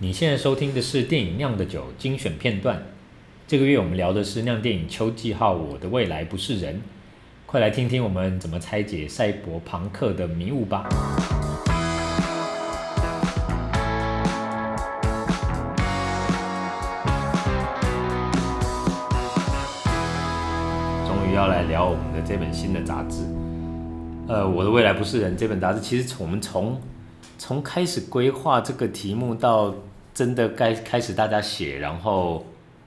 你現在收聽的是電影釀的酒精選片段。這個月我們聊的是釀電影秋季號《我的未來不是人》，快來聽聽我們怎麼拆解賽博龐克的迷霧吧。終於要來聊我們的這本新的雜誌，呃，《我的未來不是人》這本雜誌，其實我們從從開始規劃這個題目到。真的該開始大家寫，然後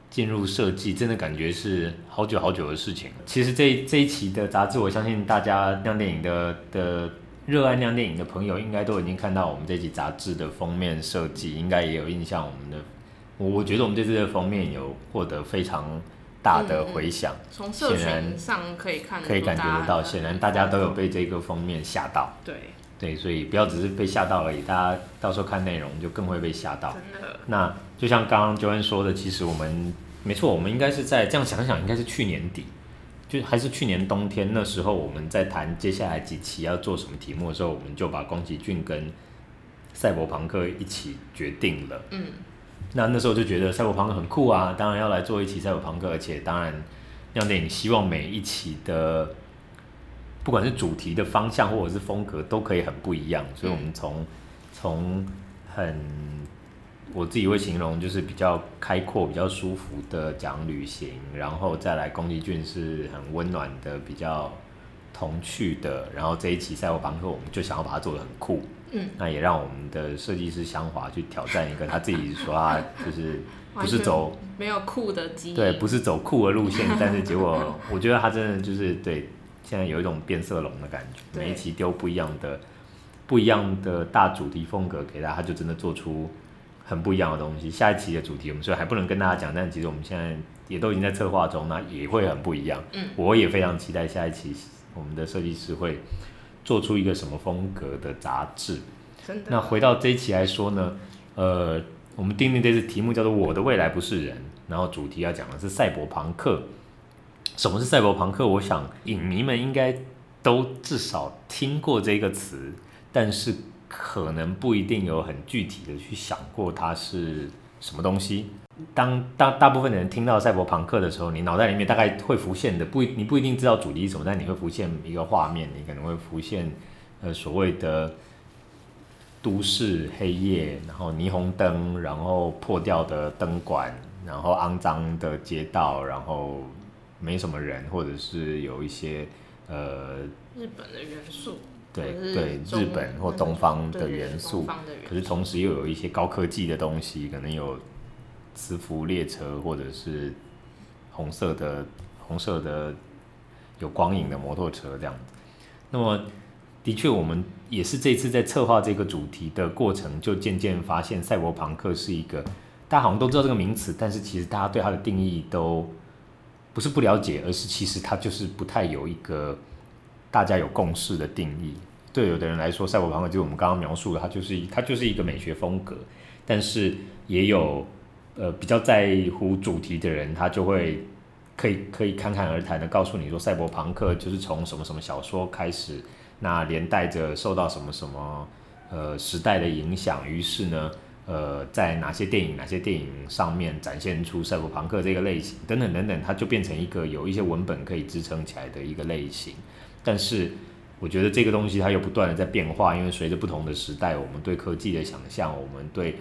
進入設計，真的感覺是好久好久的事情。其實這這一期的雜誌，我相信大家釀電影的的熱愛釀電影的朋友，應該都已經看到我們這期雜誌的封面設計，應該也有印象。我們的，我覺得我們這次的封面有獲得非常大的回響，嗯嗯、從社群上顯然上可以看，可以感覺得到，顯然大家都有被這個封面嚇到。對。對，所以不要只是被嚇到而已，大家到時候看內容就更會被嚇到。真的，那就像剛剛 Joan 說的，其實我們沒錯，我們應該是在這樣想想，應該是去年底，就還是去年冬天那時候，我們在談接下來幾期要做什麼題目的時候，我們就把宮崎駿跟賽博龐克一起決定了。嗯，那那時候就覺得賽博龐克很酷啊，當然要來做一期賽博龐克，而且當然釀電影，希望每一期的。不管是主題的方向或者是風格，都可以很不一樣。所以，我們從從、嗯、很我自己會形容，就是比較開闊、比較舒服的講旅行，然後再來宮崎駿是很溫暖的、比較童趣的。然後這一期賽博朋克，我們就想要把它做得很酷。嗯，那也讓我們的設計師香華去挑戰一個，他自己說他就是不是走沒有酷的基因。對，不是走酷的路線，但是結果我覺得他真的就是、嗯、對。現在有一種變色龍的感覺，對每一期丟不一樣的、不一樣的大主題風格給他，他就真的做出很不一樣的東西。下一期的主題我們雖然還不能跟大家講，但其實我們現在也都已經在策劃中，嗯、那也會很不一樣。嗯、我也非常期待下一期我們的設計師會做出一個什麼風格的雜誌。真的那回到這一期來說呢，呃，我們定定這次題目叫做“我的未來不是人”，然後主題要講的是賽博龐克。什麼是賽博龐克？我想影迷們應該都至少聽過這個詞，但是可能不一定有很具體的去想過它是什麼東西。當大大部分的人聽到賽博龐克的時候，你腦袋裡面大概會浮現的不一，你不一定知道主題是什麼，但你會浮現一個畫面，你可能會浮現呃所謂的都市黑夜，然後霓虹燈，然後破掉的燈管，然後骯髒的街道，然後。沒什麼人，或者是有一些呃日本的元素，對對，日本或東方的元素，方方元素，可是同時又有一些高科技的東西，嗯、可能有磁浮列車或者是紅色的紅色的有光影的摩托車這樣子、嗯、那麼的確，我們也是這次在策劃這個主題的過程，就漸漸發現賽博朋克是一個大家好像都知道這個名詞，但是其實大家對它的定義都。不是不了解，而是其實它就是不太有一個大家有共識的定義。對有的人來說，賽博龐克就是我們剛剛描述的，它就是它就是一個美學風格。但是也有呃比較在乎主題的人，他就會可以可以侃侃而談的告訴你說，賽博龐克就是從什麼什麼小說開始，那連帶着受到什麼什麼呃時代的影響，於是呢。呃，在哪些電影、哪些電影上面展現出賽博龐克這個類型，等等等等，它就變成一個有一些文本可以支撐起來的一個類型。但是，我覺得這個東西它又不斷的在變化，因為隨着不同的時代，我們對科技的想象，我們對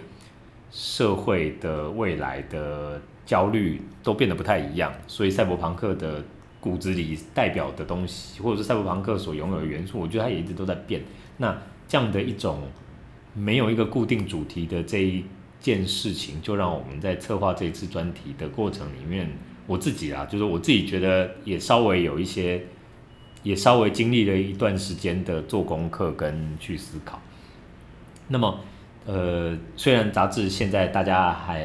社會的未來的焦慮都變得不太一樣。所以，賽博龐克的骨子裡代表的東西，或者是賽博龐克所擁有的元素，我覺得它也一直都在變。那這樣的一種。沒有一個固定主題的這一件事情，就讓我們在策劃這次專題的過程裡面，我自己啊，就是我自己覺得也稍微有一些，也稍微經歷了一段時間的做功課跟去思考。那麼，呃，雖然雜誌現在大家還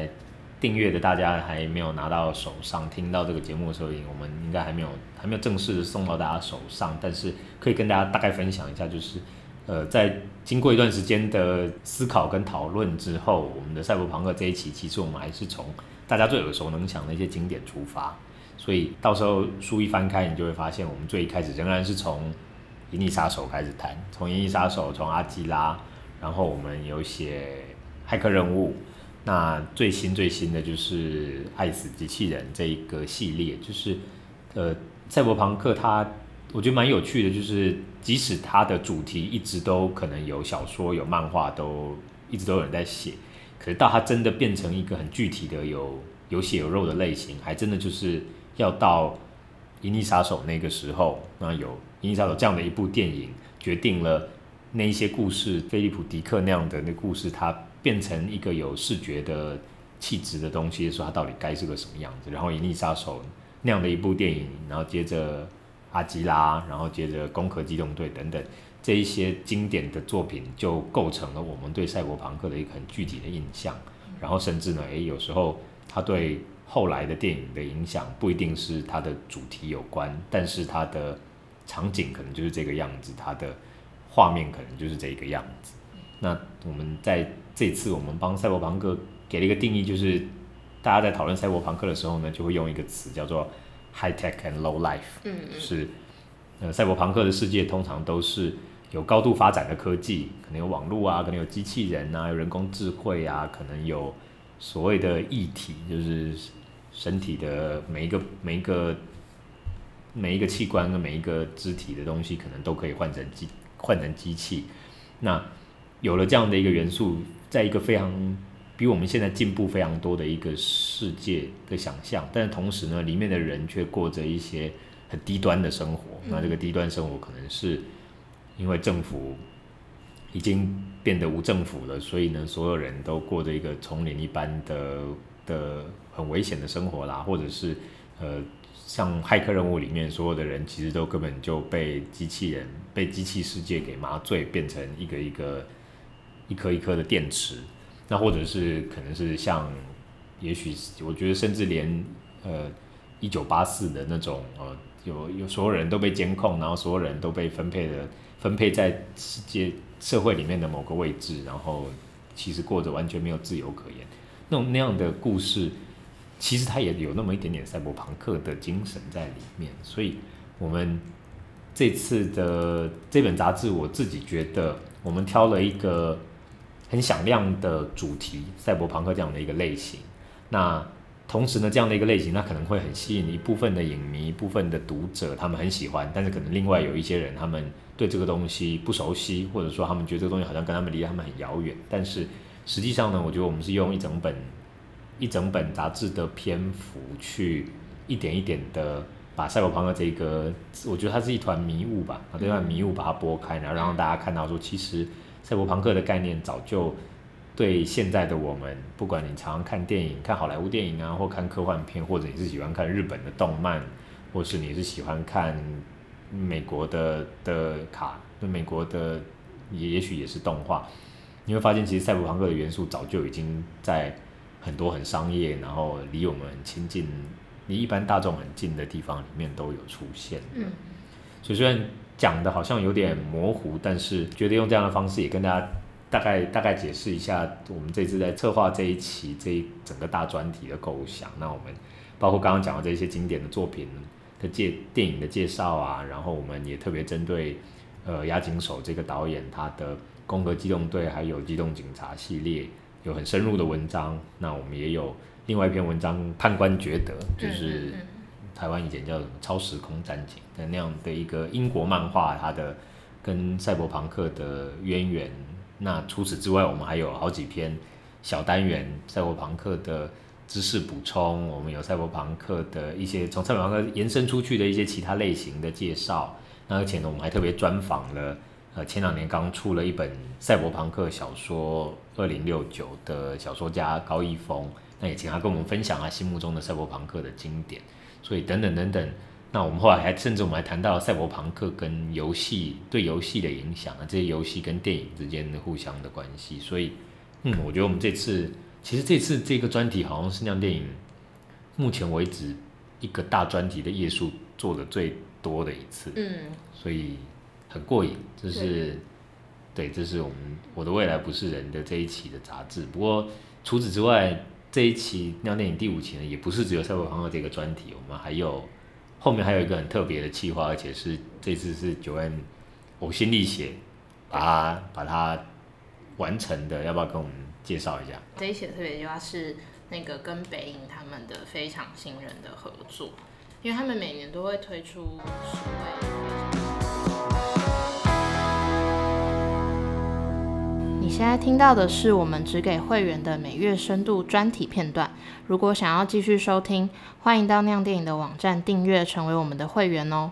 訂閱的，大家還沒有拿到手上，聽到這個節目的時候，我們應該還沒有還沒有正式的送到大家手上，但是可以跟大家大概分享一下，就是。呃，在經過一段時間的思考跟討論之後，我們的賽博龐克這一期，其實我們還是從大家最耳熟能詳的一些經典出發，所以到時候書一翻開，你就會發現，我們最一開始仍然是從銀翼殺手開始談，從銀翼殺手，從阿基拉，然後我們有寫駭客任務，那最新最新的就是愛死機器人這一個系列，就是呃，賽博龐克它。我覺得蠻有趣的，就是即使它的主題一直都可能有小說、有漫畫，都一直都有人在寫，可是到它真的變成一個很具體的有、有有血有肉的類型，還真的就是要到《銀翼殺手》那個時候，那有《銀翼殺手》這樣的一部電影，決定了那一些故事，菲利普·迪克那樣的那故事，它變成一個有視覺的氣質的東西，時候、就是說、它到底該是個什麼樣子。然後《銀翼殺手》那樣的一部電影，然後接着。阿基拉，然後接着《攻殼機動隊》等等，這一些經典的作品就構成了我們對賽博朋克的一個很具體的印象。然後甚至呢，誒，有時候它對後來的電影的影響不一定是它的主題有關，但是它的場景可能就是這個樣子，它的畫面可能就是這個樣子。那我們在這次我們幫賽博朋克給了一個定義，就是大家在討論賽博朋克的時候呢，就會用一個詞叫做。High tech and low life，嗯、就是，呃，賽博朋克的世界通常都是有高度發展的科技，可能有網絡啊，可能有機器人啊，有人工智慧啊，可能有所謂的義體，就是身體的每一個每一個每一個器官跟每一個肢體的東西，可能都可以換成機換成機器。那有了這樣的一個元素，在一個非常比我們現在進步非常多的一個世界的想象，但是同時呢，裡面的人卻過着一些很低端的生活。那這個低端生活，可能是因為政府已經變得無政府了，所以呢，所有人都過着一個叢林一般的的很危險的生活啦，或者是呃，像《駭客任務》裡面所有的人其實都根本就被機器人、被機器世界給麻醉，變成一個一個一顆一顆的電池。那或者是可能是像，也許我覺得甚至連呃，一九八四的那種呃，有有所有人都被監控，然後所有人都被分配的分配在世界社會裡面的某個位置，然後其實過着完全沒有自由可言那種那樣的故事，其實它也有那麼一點點賽博龐克的精神在裡面。所以，我們這次的這本雜誌，我自己覺得我們挑了一個。很響亮的主題，賽博朋克這樣的一個類型。那同時呢，這樣的一個類型，它可能會很吸引一部分的影迷，一部分的讀者，他們很喜歡。但是可能另外有一些人，他們對這個東西不熟悉，或者說他們覺得這個東西好像跟他們離他們很遙遠。但是實際上呢，我覺得我們是用一整本一整本雜誌的篇幅，去一點一點的把賽博朋克這個，我覺得它是一團迷霧吧，把這團迷霧把它撥開，然後讓大家看到說其實。賽博朋克的概念早就對現在的我們，不管你常常看電影、看好萊塢電影啊，或看科幻片，或者你是喜歡看日本的動漫，或是你是喜歡看美國的的卡，那美國的也，也許也是動畫，你會發現其實賽博朋克的元素早就已經在很多很商業，然後離我們很親近，離一般大眾很近的地方裡面都有出現。嗯，所以雖然。講的好像有點模糊，但是覺得用這樣的方式也跟大家大概大概解釋一下，我們這次在策劃這一期這一整個大專題的構想。那我們包括剛剛講的這些經典的作品的介電影的介紹啊，然後我們也特別針對呃押井守這個導演他的《攻殼機動隊》還有《機動警察》系列有很深入的文章。那我們也有另外一篇文章《判官》覺得就是。台灣以前叫什麼超時空戰警的那樣的一個英國漫畫，它的跟賽博龐克的淵源。那除此之外，我們還有好幾篇小單元賽博龐克的知識補充。我們有賽博龐克的一些從賽博龐克延伸出去的一些其他類型的介紹。那而且呢，我們還特別專訪了呃前兩年剛出了一本賽博龐克小說《二零六九》的小說家高翊峰。那也請他跟我們分享他心目中的賽博龐克的經典。所以等等等等，那我們後來還甚至我們還談到賽博龐克跟遊戲對遊戲的影響啊，這些遊戲跟電影之間的互相的關係。所以，嗯，我覺得我們這次、嗯、其實這次這個專題好像是釀電影目前為止一個大專題的頁數做的最多的一次，嗯，所以很過癮，這是，對，對，這是我們《我的未來不是人》的這一期的雜誌。不過除此之外。這一期《釀電影》第五期呢，也不是只有《賽博龐克》這個專題，我們還有後面還有一個很特別的企劃，而且是這次是九恩嘔心瀝血把它對把它完成的，要不要跟我們介紹一下？這一期的特別企劃是那個跟北影他們的非常新人的合作，因為他們每年都會推出十位你現在聽到的是我們只給會員的每月深度專題片段。如果想要繼續收聽，歡迎到釀電影的網站訂閱，成為我們的會員哦。